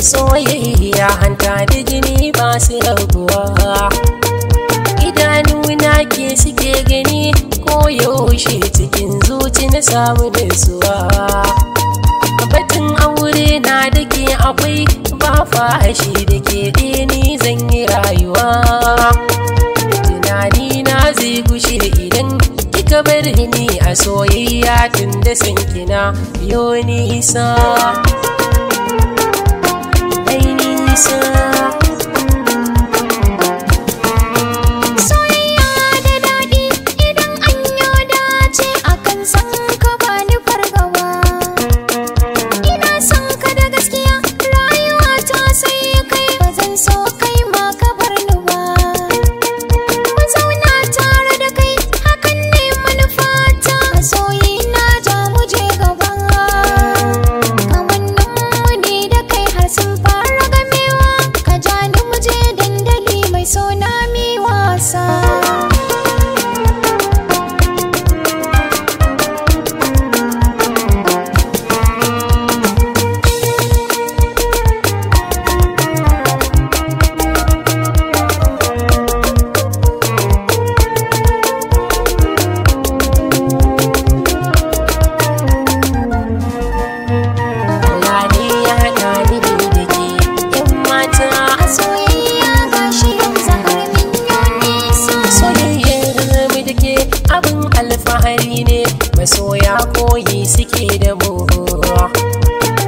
soyayya hanta da jini ba su rabuwa idanuna ke suke gani koyaushe cikin zuci na samu suwa batun aure na da ke akwai ba fashi da ke dini zan yi rayuwa tunani na zai gushe idan kika bar ni a soyayya tun da sankina yoni isa. sun. suke da mu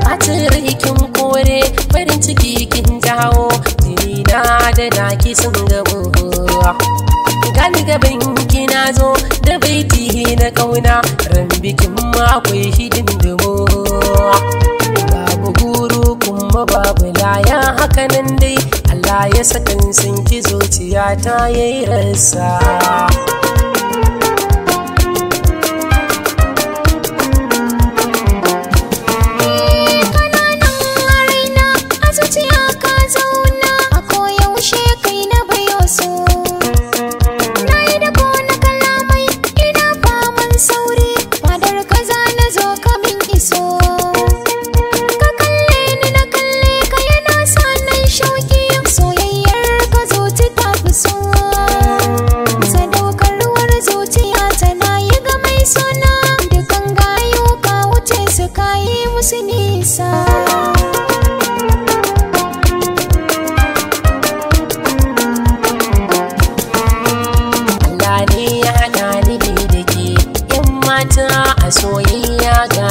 Fatin rikin kore farin ciki kin jawo Nina da naki sun ga Galgaban kina zo da baiti na kauna Ran bikin akwai hidin dumo Babu guru kuma babu laya nan dai Allah ya sakan sun ki zuciya ta yayi rasa musu nisa Allah ne ya ni da ke mata a soyayya ga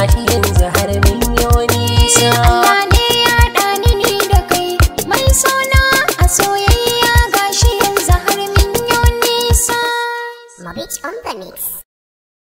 zahar nisa ne ya ni da kai mai a soyayya ga nisa on the